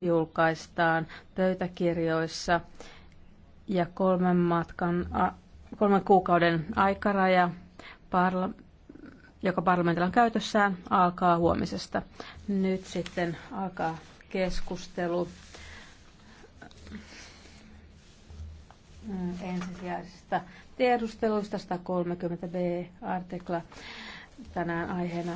julkaistaan pöytäkirjoissa ja kolmen, matkan, kolmen kuukauden aikaraja, parla, joka parlamentilla on käytössään, alkaa huomisesta. Nyt sitten alkaa keskustelu mm, ensisijaisista tiedusteluista 130b artikla tänään aiheena